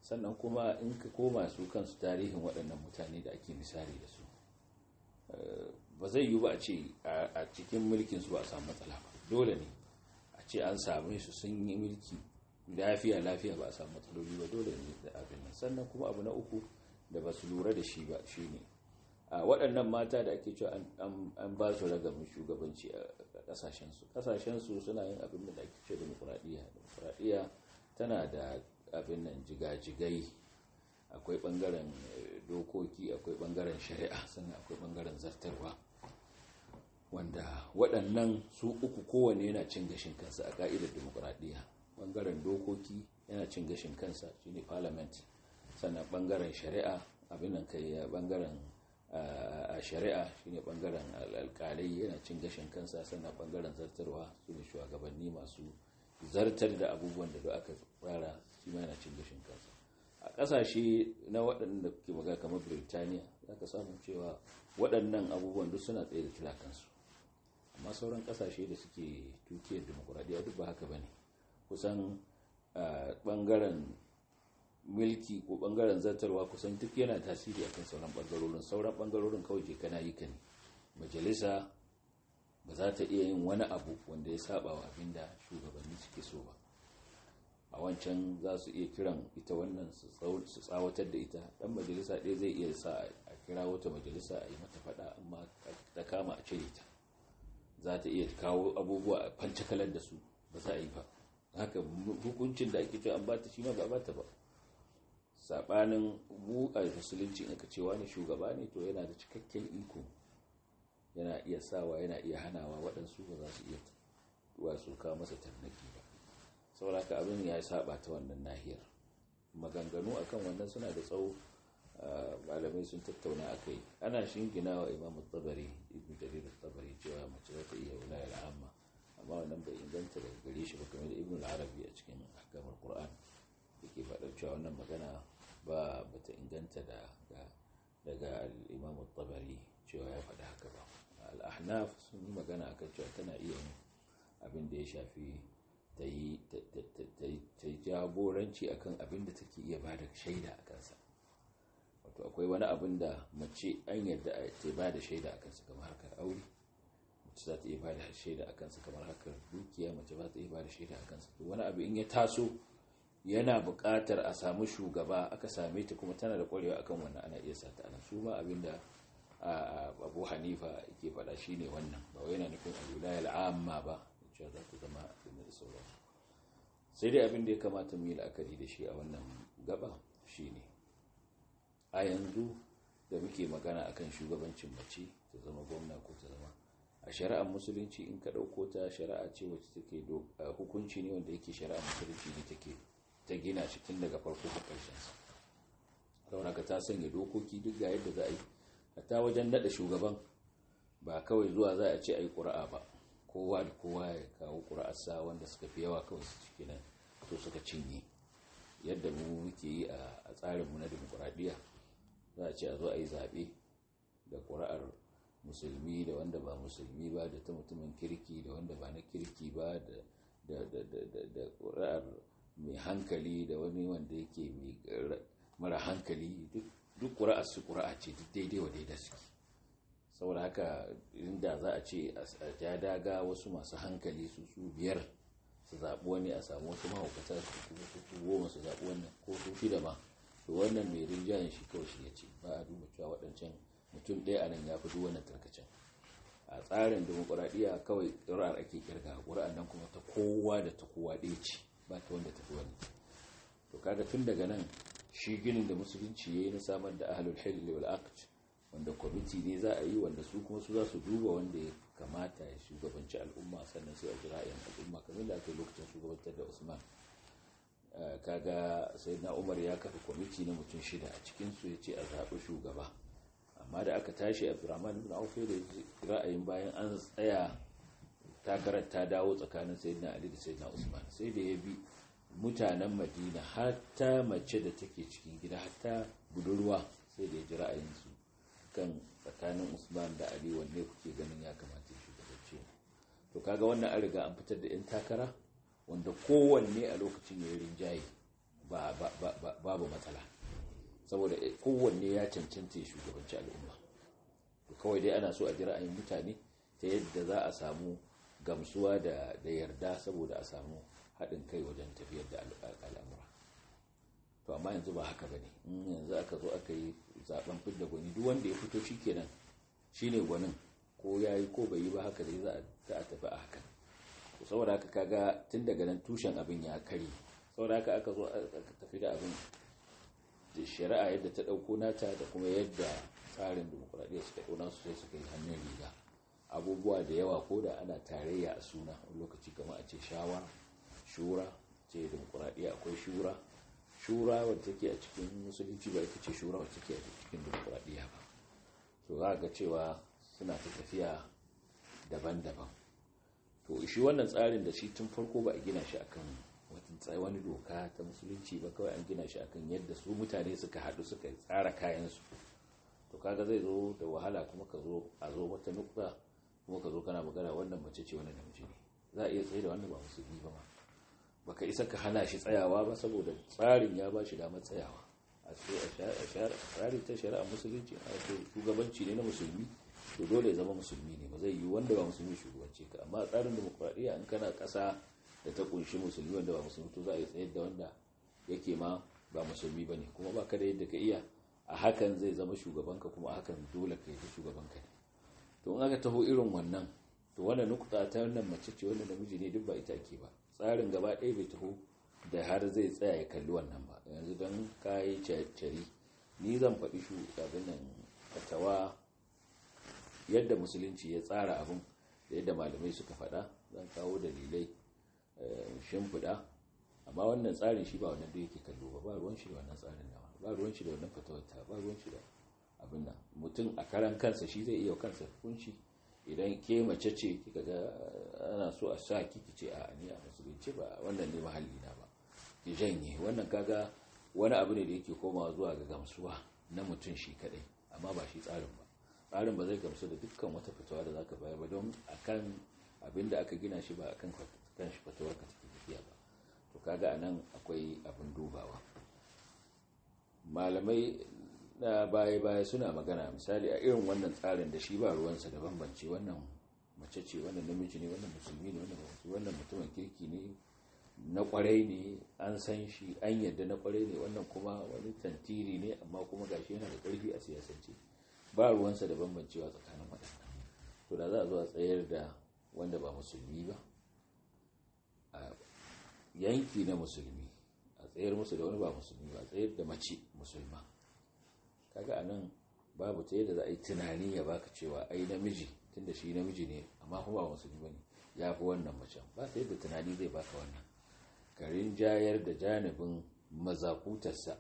sannan kuma in ka koma su kansu tarihin waɗannan mutane da ake misali da su eh, ba zai yi ba a ce a cikin mulkin su ba a samu matsala ba dole ne a ce an same su sun yi mulki lafiya lafiya ba a samu matsaloli ba dole ne da abin nan sannan kuma abu na uku da ba su lura da shi ba shi ne a waɗannan mata da ake cewa an ba su ragamin shugabanci a ƙasashen su ƙasashen su suna yin abin da ake cewa demokuraɗiyya demokuraɗiyya tana da abin nan jigajigai akwai ɓangaren eh, dokoki akwai ɓangaren shari'a sannan akwai ɓangaren zartarwa wanda waɗannan su uku kowane yana cin gashin kansa a ka'idar demokuraɗiyya ɓangaren dokoki yana cin gashin kansa shine parliament sannan ɓangaren shari'a abin nan kai ɓangaren a shari'a shine ɓangaren alƙalai yana cin gashin kansa sannan ɓangaren zartarwa su shugabanni masu zartar da abubuwan da duk aka tsara shi ma yana cin gashin kansa a ƙasashe na waɗanda ke maga kamar birtaniya za ka samu cewa waɗannan abubuwan duk suna tsaye da tilakansu amma sauran kasashe da suke tukiyar demokuraɗiyya duk ba haka ba ne kusan ɓangaren milki ko ɓangaren zartarwa kusan duk yana tasiri akan sauran ɓangarorin sauran ɓangarorin kawai ke kana yi ka ne majalisa ba za ta iya yin wani abu wanda ya saba wa abin da shugabanni suke so ba a wancan za su iya kiran ita wannan su tsawatar da ita ɗan majalisa ɗaya zai iya sa a kira wata majalisa a yi mata faɗa amma ta kama a cire ta za ta iya kawo abubuwa a falcakalar da su ba za a yi ba haka hukuncin da ake cewa an ta shi ma ba bata ba sabanin mu a musulunci in aka ce wani shugaba ne to yana da cikakken iko yana iya sawa yana iya hanawa waɗansu ba za su iya wa su kawo masa tarnaki ba saboda abin ya saba ta wannan nahiyar maganganu akan wannan suna da tsawo ah, malamai sun tattauna a kai ana shingina wa imamu tsabari ibn jarir cewa mace za ta iya da amma amma wannan bai inganta da gare shi ba kamar da ibn arabi a cikin ahkamar qur'an ke faɗar cewa wannan magana ba bata inganta da daga al-imam tabari cewa ya faɗa haka ba al-ahnaf sun yi magana akan cewa tana iya yin abin da ya shafi ta yi jagoranci akan abin da take iya ba da shaida a kansa wato akwai wani abin da mace an yadda ta ba da shaida a kansa kamar harkar aure mace za ta iya bada shaida a kansa kamar haka dukiya mace za ta iya bada shaida a kansa wani abu in ya taso yana buƙatar a samu shugaba aka same ta kuma tana da ƙwarewa akan wannan ana iya sata ana su ma abinda abu hanifa ke faɗa shine wannan ba wai yana nufin alwilayar amma ba cewa za ta zama abinda da sauran sai dai abin da ya kamata mu yi la'akari da shi a wannan gaba shi ne a yanzu da muke magana akan shugabancin mace ta zama gwamna ko ta zama a shari'ar musulunci in ka ɗauko ta shari'a ce wacce take hukunci ne wanda yake shari'ar musulunci ne take ta gina shi tun daga farko har su. saboda ka ta sanya dokoki duk ga yadda za a yi hatta wajen naɗa shugaban ba kawai zuwa za a ce a yi ƙura'a ba kowa da kowa ya kawo ƙura'arsa wanda suka fi yawa kawai su ciki nan to suka cinye yadda mu muke yi a tsarinmu na dimokuraɗiyya za a ce a zo a yi zaɓe da ƙura'ar musulmi da wanda ba musulmi ba da ta mutumin kirki da wanda ba na kirki ba da ƙura'ar mai hankali da wani wanda yake mara hankali duk ƙura'ar su ƙura'a ce duk daidai wa daida suke saboda haka inda za a ce a ta daga wasu masu hankali su su biyar su zaɓi wani a samu wasu mahaukata su goma su zaɓi wannan ko su shida ma to wannan mai rinjayen shi kawai shi ya ce ba a duba cewa waɗancan mutum ɗaya a nan ya fi duk wannan tarkacin a tsarin demokuraɗiyya kawai ƙirar ake kirga ƙura'an nan kuma ta kowa da ta kowa ɗaya ce ba ta wanda ta fi wani to kaga tun daga nan shi ginin da musulunci ya yi na samar da ahlul hilli wal akt wanda kwamiti ne za a yi wanda su kuma su za su duba wanda ya kamata ya shugabanci al'umma sannan sai a jira yan al'umma kamar da aka lokacin shugabantar da usman eh, kaga sai na umar ya kafa kwamiti na mutum shida a cikinsu ya ce a zaɓi shugaba amma da aka tashi abdurrahman ibn auf da ra'ayin bayan an tsaya takarar ta dawo tsakanin sayyidina ali da sayyidina usman sai da ya bi mutanen madina hatta mace da take cikin gida hatta budurwa sai da ya ji su kan tsakanin usman da ali wanne kuke ganin ya kamata shugabance to kaga wannan an riga an fitar da yan takara wanda kowanne a lokacin ya yi rinjaye babu matsala saboda kowanne ya cancanta shugabanci al'umma kawai dai ana so a ji ra'ayin mutane ta yadda za a samu gamsuwa da yarda saboda a samu haɗin kai wajen tafiyar da al'amura to amma yanzu ba haka ba in yanzu aka zo aka yi zaɓen fidda gwani duk wanda ya fito shi shi ne gwanin ko ya yi ko bai yi ba haka dai za a tafi a hakan saboda haka kaga tun daga nan tushen abin ya karye, saboda haka aka zo aka tafi da abin da shari'a yadda ta ɗauko nata da kuma yadda tsarin demokuraɗiyya suka ɗauna su sai suka yi hannun riga abubuwa da yawa ko da ana tarayya a suna wani lokaci kamar a ce shawara shura ce demokuraɗiyya akwai shura shura wadda take a cikin musulunci ba ita ce shura wadda take a cikin demokuraɗiyya ba to za ga cewa suna ta tafiya daban-daban to shi wannan tsarin da shi tun farko ba a gina shi a akan wani doka ta musulunci ba kawai an gina shi akan yadda su mutane suka haɗu suka tsara kayansu to kaga zai zo da wahala kuma ka zo a zo wata nukta kuma ka zo kana magana wannan mace ce wannan namiji ne za a iya tsaye da wannan ba musulmi ba ma baka isa ka hana shi tsayawa ba saboda tsarin ya ba shi damar tsayawa a a tsarin ta shari'a musulunci a shugabanci ne na musulmi to dole ya zama musulmi ne ba zai yi wanda ba musulmi shugabanci ka amma tsarin demokuraɗiyya in kana ƙasa da ta kunshi musulmi wanda ba musulmi to za a yi tsayar da wanda yake ma ba musulmi ba ne kuma ba ka da yadda ka iya a hakan zai zama shugabanka kuma a hakan dole ka yi shugabanka ne to in aka taho irin wannan to wannan nukta ta wannan mace ce wannan namiji ne duk ba ita ke ba tsarin gaba ɗaya bai taho da har zai tsaya ya kalli wannan ba yanzu don kayi cari ni zan faɗi shu abin nan fatawa yadda musulunci ya tsara abin da yadda malamai suka faɗa zan kawo dalilai Eh, shimfiɗa amma wannan tsarin shi ba wannan da yake kallo ba ba ruwan shi da wannan tsarin nawa ba ruwan shi da wannan fatawata ba ruwan shi da abin nan mutum a karan kansa shi zai iya kansa hukunci idan ke mace ce kika ga eh, ana so a sa kiki ce a ni a musulunci ba wannan ne mahalli na ba ki janye wannan kaga wani abu ne da yake komawa zuwa ga gamsuwa na mutum shi kadai amma ba shi tsarin ba tsarin ba zai gamsu da dukkan wata fitowa da zaka bayar ba don akan abin da aka gina shi ba akan kan shi fatawar ka take tafiya ba to kaga nan akwai abin dubawa malamai na baya-baya suna magana misali a irin wannan tsarin da shi ba ruwansa da bambance wannan mace ce wannan namiji ne wannan musulmi ne wannan mutumin kirki ne na kwarai ne an san shi an yadda na kwarai ne wannan kuma wani tantiri ne amma kuma gashi yana da karfi a siyasance ba ruwansa da bambancewa tsakanin waɗannan to da za a zo a tsayar da wanda ba musulmi ba a yanki na musulmi a tsayar musu wani ba musulmi ba a tsayar da mace musulma kaga a nan babu ta yadda za a yi tunani ya baka cewa ai namiji tun da shi namiji ne amma kuma ba musulmi ba ne ya fi wannan macen ba ta yadda tunani zai baka wannan garin jayar da janibin mazakutarsa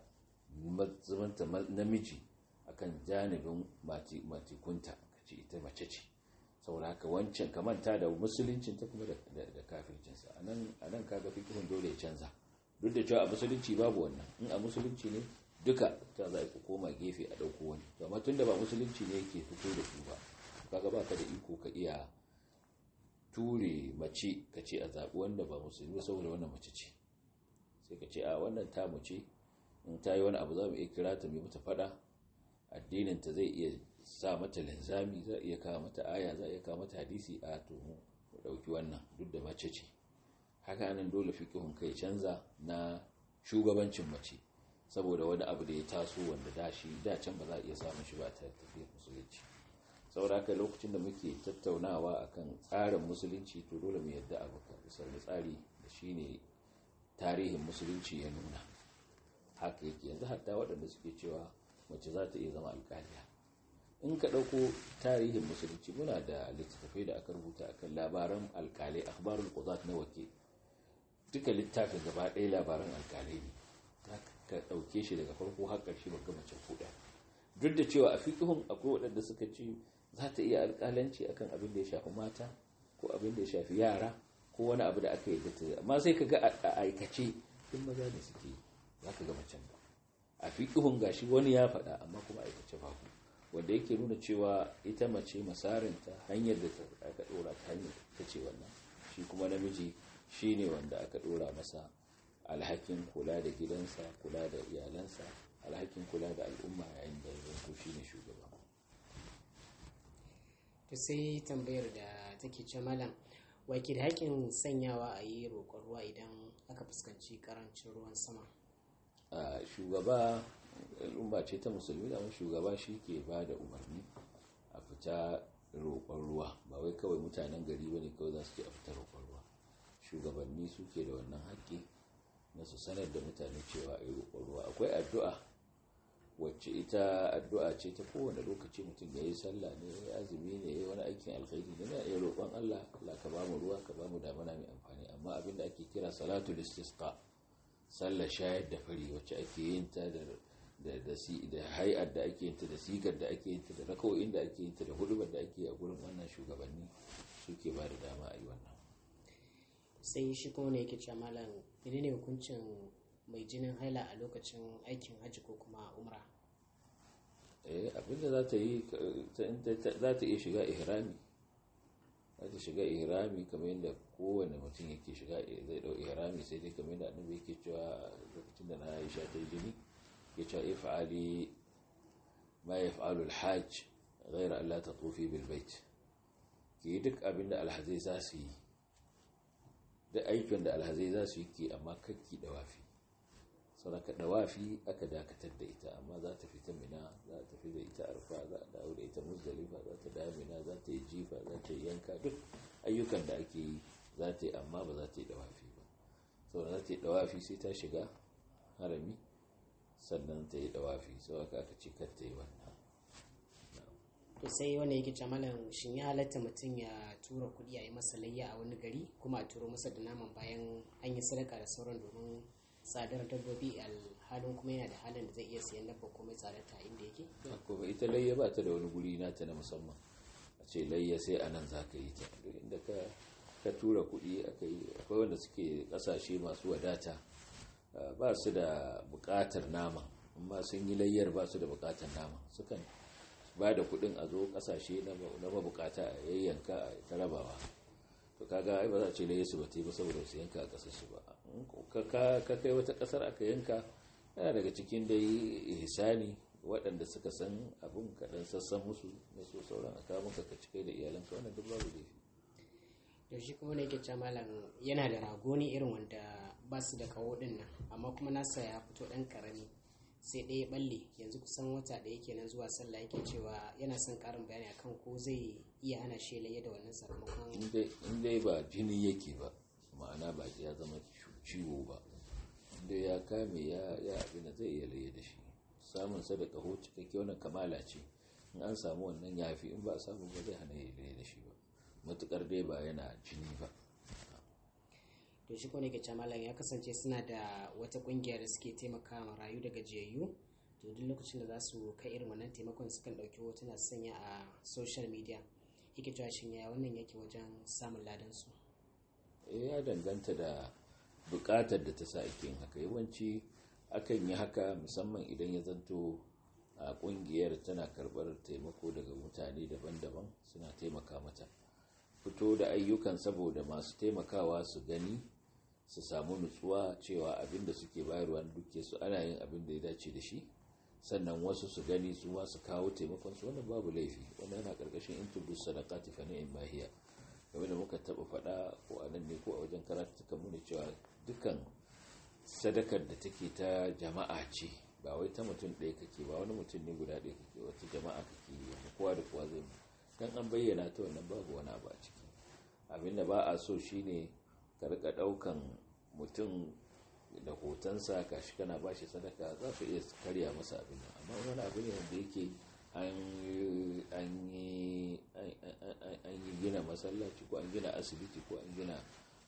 zamanta namiji akan janibin matikunta ka ce ita mace ce ka wancan ka manta da musulunci ta kuma da kafircinsa a nan kaga fikirin dole ya canza duk da cewa a musulunci babu wannan in a musulunci ne duka ta za ku koma gefe a ɗauko wani amma tun da ba musulunci ne yake fito da su ba kaga ba ka da iko ka iya ture mace ka ce a zaɓi wanda ba musulmi saboda wannan mace ce sai ka ce a wannan ta mace in ta yi wani abu za mu iya kira ta mai mata faɗa ta zai iya sa mata linzami za iya kawo mata aya za iya kawo mata hadisi a to mu dauki wannan duk da mace ce haka nan dole fiqhun kai canza na shugabancin mace saboda wani abu da ya taso wanda da shi da can ba za a iya samun shi ba ta tafiyar musulunci saboda haka lokacin da muke tattaunawa a kan tsarin musulunci to dole mu yadda abu ka bisa tsari da shine tarihin musulunci ya nuna haka yake yanzu hatta waɗanda suke cewa mace za ta iya zama alƙaliya in ka ɗauko tarihin musulunci muna da littattafai da aka rubuta akan labaran alkalai akhbarul kuzat na wake duka littafin gaba ɗaya labaran alkalai ne ka ɗauke shi daga farko har ƙarshe ba gama cin kuɗa duk da cewa a fiƙihun akwai waɗanda suka ce za ta iya alƙalanci akan abin da ya shafi mata ko abin da ya shafi yara ko wani abu da aka yi ta amma sai ka ga a aikace in maza ne suke za ka gama can ba a fiƙihun gashi wani ya faɗa amma kuma aikace ba ku wanda yake nuna cewa ita mace ta hanyar da ta aka dora ta hanyar ta ce wannan shi kuma namiji shi ne wanda aka dora masa alhakin kula da gidansa kula da iyalansa alhakin kula da al'umma yayin da yanzu shi ne shugaba ta sai tambayar da take ce malam wakil da haƙin sanyawa a yi roƙon ruwa idan aka fuskanci ƙarancin ruwan sama shugaba al'umma ce ta musulmi da shugaba shi ke ba da umarni a fita roƙon ruwa ba wai kawai mutanen gari ba ne kawai za su ke a fita roƙon ruwa shugabanni su ke da wannan haƙƙi na su sanar da mutane cewa a yi roƙon ruwa akwai addu'a wacce ita addu'a ce ta kowane lokaci mutum ya yi sallah ne ya yi azumi ne ya yi wani aikin alkhairi ne na iya roƙon allah allah ka ba mu ruwa ka ba mu damana mai amfani amma abin da ake kira salatul istisqa sallah shayar da fari wacce ake yin ta da da hai'ar da ake yinta da sigar da ake yinta da rakawoyin da ake yinta da hudubar da ake a gurin wannan shugabanni suke ba da dama a yi wannan sai shi kuma ne yake ce malam ne ne hukuncin mai jinin haila a lokacin aikin hajji ko kuma umra eh abinda za ta yi za ta iya shiga ihrami za ta shiga ihrami kamar yadda kowane mutum yake shiga zai dau ihrami sai dai kamar yadda annabi yake cewa lokacin da na aisha ta jini ya ce if'ali ma yaf'alu alhajj ghayra an la tatufi bil ki duk abinda alhazai za yi da aikin da alhazai za su yi ki amma kakki dawafi saraka dawafi aka dakatar da ita amma za ta fita mina za ta fi da ita arfa za ta dawo da ita muzdalifa za ta dawo mina za ta yi jifa za ta yi yanka duk ayyukan da ake yi za ta yi amma ba za ta yi dawafi ba saboda za ta yi dawafi sai ta shiga harami sannan ta yi dawafi sau aka aka ce kar ta yi wannan to sai wani yake ce malam shin ya halatta mutum ya tura kuɗi a yi masa layya a wani gari kuma a turo masa da naman bayan an yi sadaka da sauran domin tsadar dabbobi alhalin kuma yana da halin da zai iya siyan dabba komai tsadar ta inda yake kuma ita layya ba ta da wani guri na ta na musamman a ce layya sai a nan za ka yi ta inda ka tura kuɗi akwai wanda suke kasashe masu wadata ba su da bukatar nama amma sun yi layyar ba su da bukatar nama sukan ba da kuɗin a zo kasashe na mabukata a yayyanka a tarabawa to kaga ai ba za a ce layyar su ba ta yi ba saboda su yanka a ƙasar ba ka kai wata kasar aka yanka yana daga cikin dai ihsani waɗanda suka san abin kaɗan sassan musu na so sauran a kawo maka cikai da iyalanka wannan duk babu laifi shi kuma na yake malam yana da ragoni irin wanda ba su da kawo din nan amma kuma nasa ya fito dan karami sai ɗaya balle yanzu kusan wata da yake nan zuwa sallah yake cewa yana son karin bayani akan ko zai iya hana shi laye da wannan sakamakon in dai ba jini yake ba ma'ana ba ya zama ciwo ba inda ya kame ya ya abinda zai iya laye da shi samun sa da kaho cikakke wannan kamala ce in an samu wannan yafi in ba a samu ba zai hana da shi ba matukar dai ba yana jini ba to shi ne ke ya kasance suna da wata kungiya da suke taimaka marayu da gajiyayyu to duk lokacin da za su kai irin wannan taimakon sukan ɗauki hotuna su sanya a social media yake cewa shin ya wannan yake wajen samun ladan su eh, ya danganta da buƙatar da ta sa ake yin haka yawanci akan yi haka musamman idan ya zanto a ƙungiyar tana karɓar taimako daga mutane daban-daban suna taimaka mata fito da ayyukan saboda masu taimakawa su gani su samu nutsuwa cewa abin da suke bayarwa na duke su ana yin abin da ya dace da shi sannan wasu su gani su ma su kawo taimakon su wannan babu laifi wannan yana karkashin intubu sadaqati fa in mahiya game da muka taba faɗa ko a ne ko a wajen karatu mu ne cewa dukkan sadakar da take ta jama'a ce ba wai ta mutum ɗaya kake ba wani mutum ne guda ɗaya kake wata jama'a kake yi kowa da kowa zai dan an bayyana ta wannan babu wani abu a ciki abin da ba a so shine ka rika ɗaukan mutum da hotonsa shi kana ba shi sadaka za su iya karya masa abin nan amma wani abin ne da yake an yi gina masallaci ko an gina asibiti ko an gina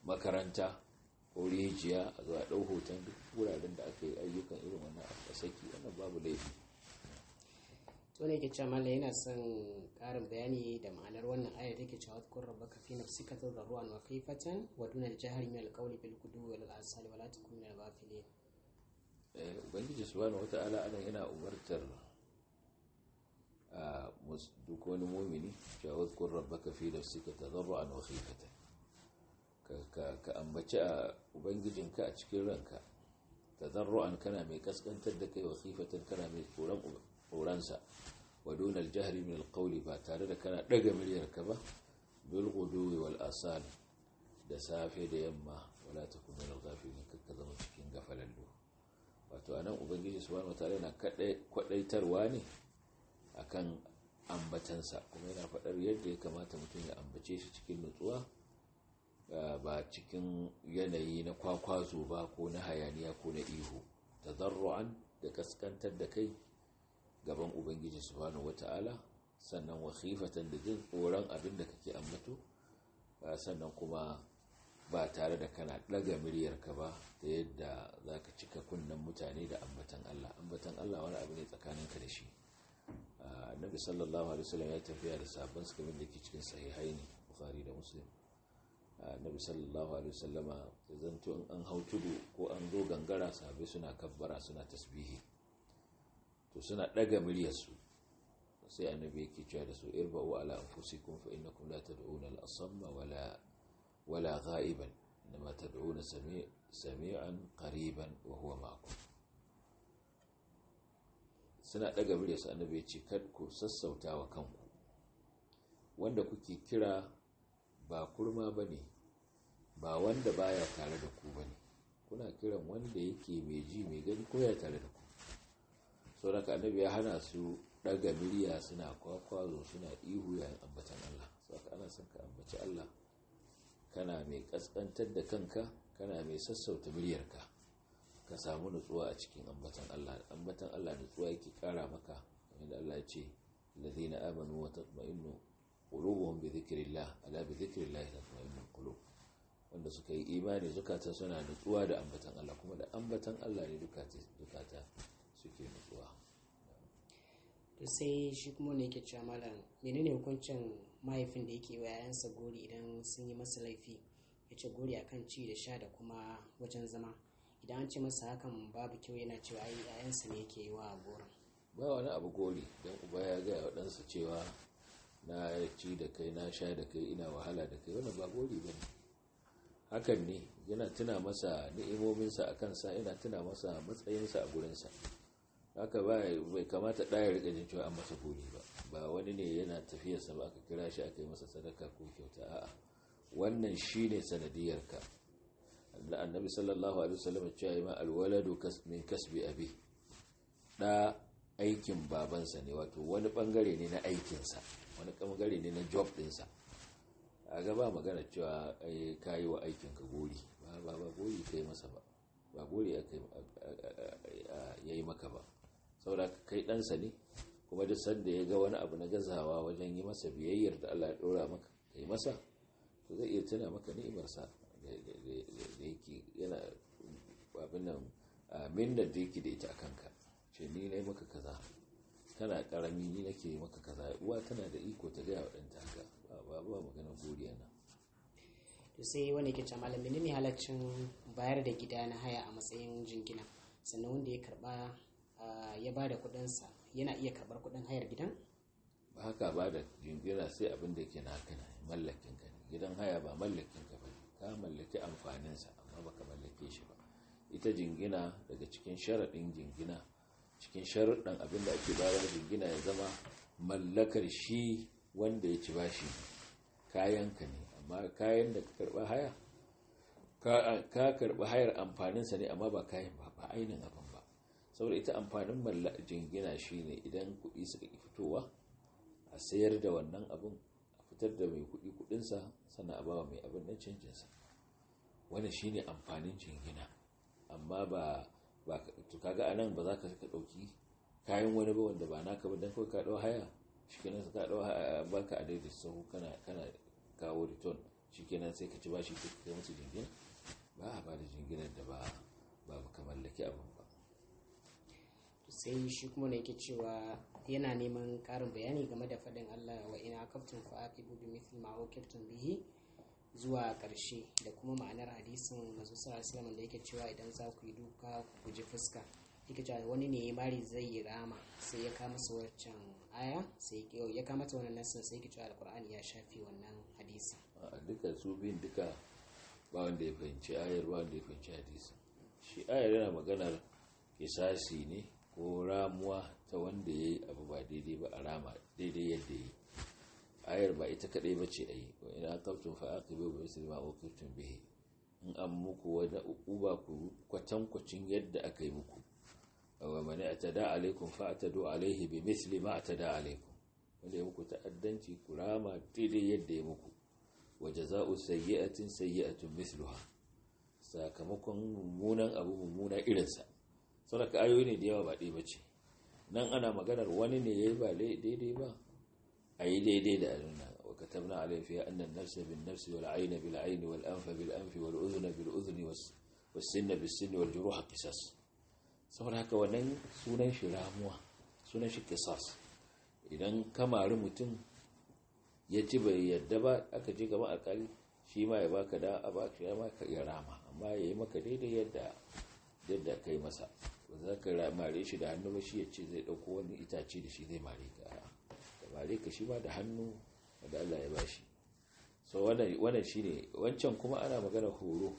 makaranta ko rijiya a zuwa ɗau hoton duk wuraren da aka yi ayyukan irin wannan a saki wannan babu laifi wanda yake cewa mallam yana son karin bayani da ma'anar wannan ayar take cewa kun ka fi nafsika ruwan wa khifatan wa duna al-jahri min al-qawli bil qudu wal asali wa la takun min al-ghafilin eh ubangiji wata ala ana yana umartar a duk wani mumini cewa kun ka fi nafsika ruwan wa khifatan ka ka ambaci a ubangijinka a cikin ranka tadarruan kana mai kaskantar da kai wa kana mai tsoron ubangiji tsoronsa wa dunar jihar min alkauli ba tare da kana ɗaga ka ba bil wal asal da safe da yamma wala ta kuma da gafilin kakka zama cikin gafalallo wato anan ubangiji subhanahu wataala yana kwadaitarwa ne a kan ambatansa kuma yana faɗar yadda ya kamata mutum ya ambace shi cikin nutsuwa ba cikin yanayi na kwakwazo ba ko na hayaniya ko na ihu tazarru'an da kaskantar da kai gaban ubangiji subhanahu wata'ala sannan wa da jin tsoron abin da kake ambato sannan kuma ba tare da kana daga miliyarka ba da yadda za ka cika kunnen mutane da ambatan Allah ambatan Allah wani abu ne tsakaninka da shi annabi sallallahu alaihi wasallam ya tafiya da sabon sukamin da ke cikin sahihaini bukhari da muslim annabi sallallahu alaihi wasallama zanto an hau ko an zo gangara sabai suna kabbara suna tasbihi to suna ɗaga muryarsu sai annabi yake cewa da su wa ala anfusikum fa innakum la tad'una al-asamma wala wala gha'iban inma tad'una sami'an qariban wa huwa ma'akum suna daga muryarsu annabi ya ce kad ku sassautawa kanku wanda kuke kira ba kurma bane ba wanda baya tare da ku bane kuna kiran wanda yake mai ji mai gani ko ya tare da ku sauraka annabi ya hana su daga miliya suna kwakwazo suna ihu yayin ambatan Allah sauraka ana son ka ambaci Allah kana mai kaskantar da kanka kana mai sassauta miliyarka ka samu nutsuwa a cikin ambatan Allah ambatan Allah nutsuwa yake kara maka inda Allah ya ce الذين آمنوا وتطمئن قلوبهم بذكر الله ألا بذكر الله تطمئن القلوب wanda suka yi imani zukata suna nutsuwa da ambatan Allah kuma da ambatan Allah ne zukata suke to sai shi kuma ne yake cewa malam ne hukuncin mahaifin da yake wa yayansa gori idan sun yi masa laifi ya ce gori akan ci da sha da kuma wajen zama idan an ce masa hakan babu kyau yana cewa ai yayansa ne yake yi wa gori ba wani abu gori dan uba ya gaya wa ɗansa cewa na ci da kai na sha da kai ina wahala da kai wannan ba gori ba ne hakan ne yana tuna masa ni'imominsa a sa yana tuna masa matsayinsa a gurinsa haka bai kamata ɗaya rika jin cewa an masa buri ba ba wani ne yana tafiyarsa ba aka kira shi aka yi masa sadaka ko kyauta a'a wannan shine sanadiyarka annabi sallallahu alaihi wasallam cewa ma alwaladu min kasbi abi da aikin babansa ne wato wani bangare ne na aikinsa wani bangare ne na job dinsa a gaba magana cewa ka yi wa aikinka gori ba ba gori kai masa ba ba gori ya yi maka ba saboda kai ɗansa ne kuma duk sanda ya ga wani abu na gazawa wajen yi masa biyayyar da Allah ya ɗora maka ka yi masa to zai iya tuna maka ni'imarsa da yake yana abin nan mindar da yake da ita a kanka ce ni na yi maka kaza kana karami ni nake yi maka kaza uwa tana da iko ta gaya waɗanta haka ba ba maganar godiya na to sai wani ke ne ne ne halaccin bayar da gida na haya a matsayin jingina sannan wanda ya karba ya ba da kudinsa yana iya karbar kuɗin hayar gidan? ba haka ba da jingira sai abin da ke haka ne mallakin ka gidan haya ba mallakin ka ba ka mallaki amfaninsa amma baka mallake shi ba ita jingina daga cikin sharaɗin jingina cikin sharaɗin abin da ake da jingina ya zama mallakar shi wanda ya ci bashi kayan ka ne amma kayan da ka karɓa haya ka hayar amfaninsa ne amma ba kayan ba ba ainihin abin saboda ita amfanin malla jingina shine idan kuɗi suka ƙi fitowa a sayar da wannan abin a fitar da mai kuɗi kuɗinsa sannan a bawa mai abin nan canjinsa shi shine amfanin jingina amma ba to kaga anan ba za ka dauki ɗauki kayan wani ba wanda ba na ba don kawai ka ɗau haya shikenan ka ɗau baka a daidai sahu kana kana kawo return shikenan sai ka ci bashi ka kai musu jingina ba a ba da jinginar da ba ba ka mallaki abin ba sai shi kuma ne yake cewa yana neman karin bayani game da faɗin Allah wa ina kaftin fa aqibu dubi mithli ma ukiftum bihi zuwa ƙarshe da kuma ma'anar hadisin manzo sallallahu da yake cewa idan za ku yi duka ku guji fuska yake cewa wani ne mari zai yi rama sai ya kama su waccan aya sai ya kama ta wannan nasin sai yake cewa alqur'ani ya shafi wannan hadisi duka su biyun duka ba wanda ya fahimci ayar ba wanda ya fahimci hadisi shi ayar yana maganar kisasi ne ko ramuwa ta wanda ya yi abu ba daidai ba a rama daidai yadda ya yi ayar ba ita kaɗai ba ce a yi wa ina kaftun fa'aƙi bai bai musulma ko kaftun bihi in an muku wani uba ku kwatankwacin yadda aka yi muku A mani a tada fa a tado alaihi bi misli ma a tada alaikun wanda ya muku ta'addanci ku rama daidai yadda ya muku Waje wa jaza'u sayyi'atin sayyi'atun misluha sakamakon mummunan abu mummuna irinsa ka ayoyi ne da yawa ba ɗaya bace nan ana maganar wani ne ya yi ba daidai ba ayi daidai da aluna wa katabna alayhi fiha anna nafsa bin-nafsi wal-'ayna bil-'ayni wal-anfa bil-anfi wal-udhna bil-udhni was-sinna bis-sinni wal-juruha qisas saboda haka wannan sunan shi ramuwa sunan shi qisas idan kamari mutum ya ci bai yadda ba aka ji gaba alkali shi ma ya baka da a baka ya maka ya rama amma ya yi maka daidai yadda yadda ka yi masa ba za ka mare shi da hannu ba shi ya ce zai ɗauko wani itace da shi zai mare ka da mare ka shi ba da hannu da Allah ya bashi so wannan shi ne wancan kuma ana magana horo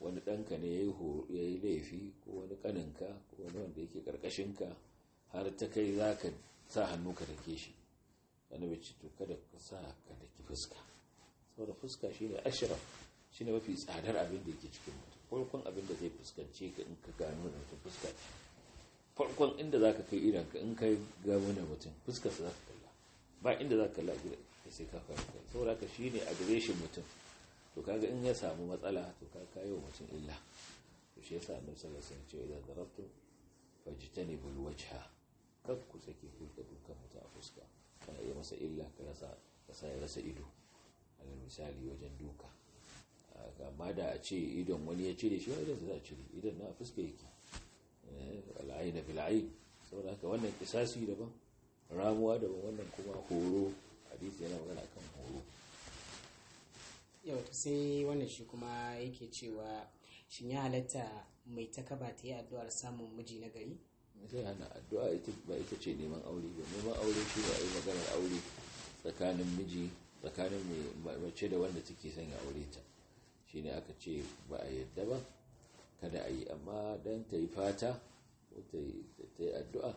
wani ɗanka ne ya yi laifi ko wani ƙaninka ko wani wanda yake ƙarƙashinka har ta kai za ka sa hannu ka dake shi wani ce to kada ka sa ka daki fuska saboda fuska shine ashraf shine mafi tsadar abin da yake cikin mutum farkon abin da zai fuskance ka in ka gano da mutum fuska ce farkon inda za ka kai idan ka in ka gano da mutum fuska su za ka kalla ba inda za ka kalla gida ka sai ka fara kai saboda ka shi ne a gare shi mutum to kaga in ya samu matsala to ka kayo wa mutum illa to shi yasa annabi sallallahu alaihi wasallam ce idan zarabtu fajtanibul wajha kar ku sake duka dukan mutum a fuska kana iya masa illa ka rasa ka sa ya rasa ido alal misali wajen duka amma da a ce idon wani ya cire shi wajen za a cire idon na fuska yake eh, al'ayi na fil'ayi saboda haka wannan kisasi daban ramuwa daban wannan kuma horo hadisi yana magana kan horo yau sai wannan shi kuma yake cewa shi ya halatta mai takaba ta yi addu'ar samun miji na gari sai hana addu'a ba ita ce neman aure ba neman aure shi ba a yi maganar aure tsakanin miji tsakanin mace da wanda take son ya aure ta shine aka ce ba a yadda ba kada a yi amma don ta yi fata ko ta yi addu'a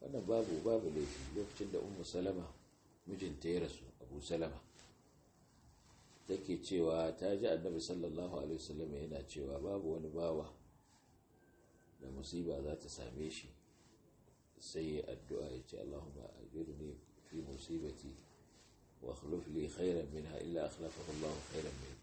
wannan babu babu laifi lokacin da ummu salama mijinta ya rasu abu salama take cewa ta ji annabi sallallahu alaihi wasallam yana cewa babu wani bawa da musiba za ta same shi sai addu'a ya ce Allahumma ajirni fi musibati wa akhlif li khairan minha illa akhlafahu Allah khairan minha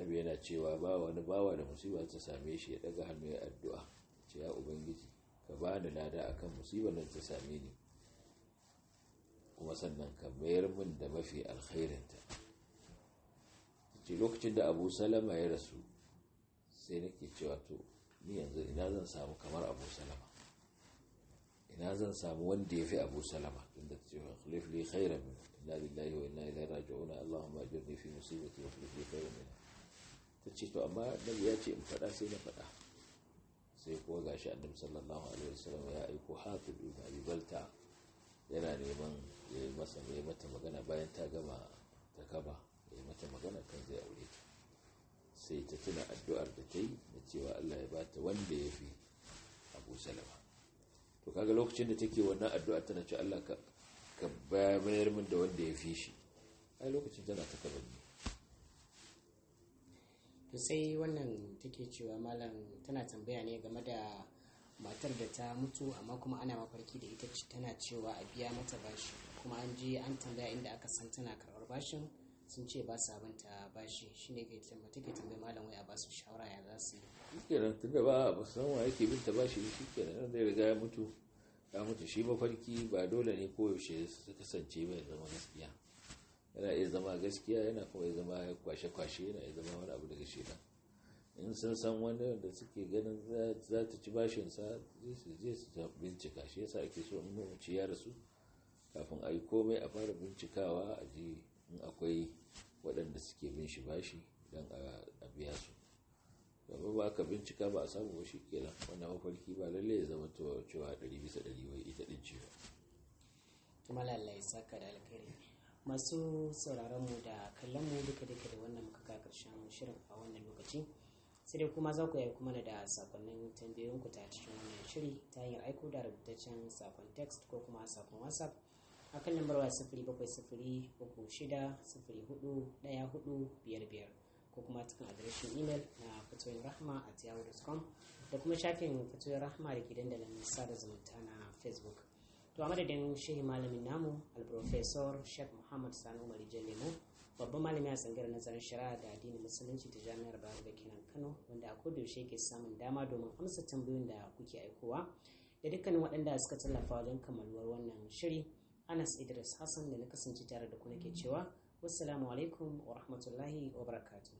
annabi yana cewa ba wani bawa da musibar ta same shi ya daga hannu ya addu'a ce ya ubangiji ka ba da lada akan musibar da ta same ni kuma sannan ka mayar min da mafi alkhairinta ce lokacin da abu salama ya rasu sai nake cewa to ni yanzu ina zan samu kamar abu salama ina zan samu wanda ya fi abu salama inda ta cewa khulif li khairan min ina lillahi wa wani ilaihi raji'un allahumma ajirni fi musibati wa khulif li khairan min ta ce to amma nabi ya ce in faɗa sai na faɗa sai ko shi annabi sallallahu alaihi wasallam ya aiko hafiz a abi balta yana neman ya yi masa ya mata magana bayan ta gama ta kaba ya yi mata magana kan zai aure ta sai ta tuna addu'ar da ta yi da cewa Allah ya bata wanda ya fi abu salama to kaga lokacin da take wannan addu'ar tana ce Allah ka bayar min da wanda ya fi shi ai lokacin tana ta ne to sai wannan take cewa malam tana tambaya ne game da matar da ta mutu amma kuma ana mafarki da ita ce tana cewa a biya mata bashi kuma an je an tambaya inda aka san tana karɓar bashin sun ce ba sa ta bashi shine ke tambaya take tambaya malam wai a ba su shawara ya za su yi shikenan tunda ba ba san wa yake binta bashi ne shikenan zai riga ya mutu ya mutu shi mafarki ba dole ne koyaushe su kasance bai zama gaskiya yana iya zama gaskiya yana kuma iya zama kwashe-kwashe yana iya zama wani abu daga shida in sun san wani wanda suke ganin za ta ci bashinsa su je su bincika shi yasa ake so in mamaci ya rasu kafin a yi komai a fara bincikawa a ji in akwai waɗanda suke bin shi bashi don a biya su domin ba ka bincika ba a samu ba shi kenan wannan mafarki ba lalle ya zama cewa ɗari bisa ɗari wai ita ɗin cewa. lallai saka da alkhairi. masu sauraron mu da kallon mu duka duka da wannan muka ga karshen shirin a wannan lokaci sai dai kuma za ku yi kuma da sakonnin tambayoyin ku ta cikin wannan shiri ta hanyar aiko da rubutaccen sakon text ko kuma sakon whatsapp kan lambar waya sifiri bakwai sifiri uku shida sifiri hudu daya hudu biyar biyar ko kuma cikin adireshin imel na fitoyin rahama a yahoo.com da kuma shafin fitoyin rahma da ke dandalin sada zumunta na facebook to a madadin shehi malamin namu alprofesor sheikh muhammad sanu marijan lemo babban malami a tsangar nazarin shari'a da addinin musulunci ta jami'ar bayero da kenan kano wanda a kodayaushe ke samun dama domin amsa tambayoyin da kuke aikowa da dukkanin waɗanda suka tallafa wajen kammaluwar wannan shiri anas idris hassan da na kasance tare da ku nake cewa wassalamu alaikum wa rahmatullahi wa barakatu.